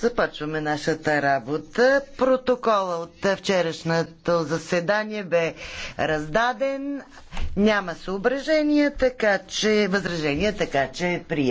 Започваме нашата работа. Протокола от вчерашното заседание бе раздаден. Няма съображения, така че възражения, така че е прият.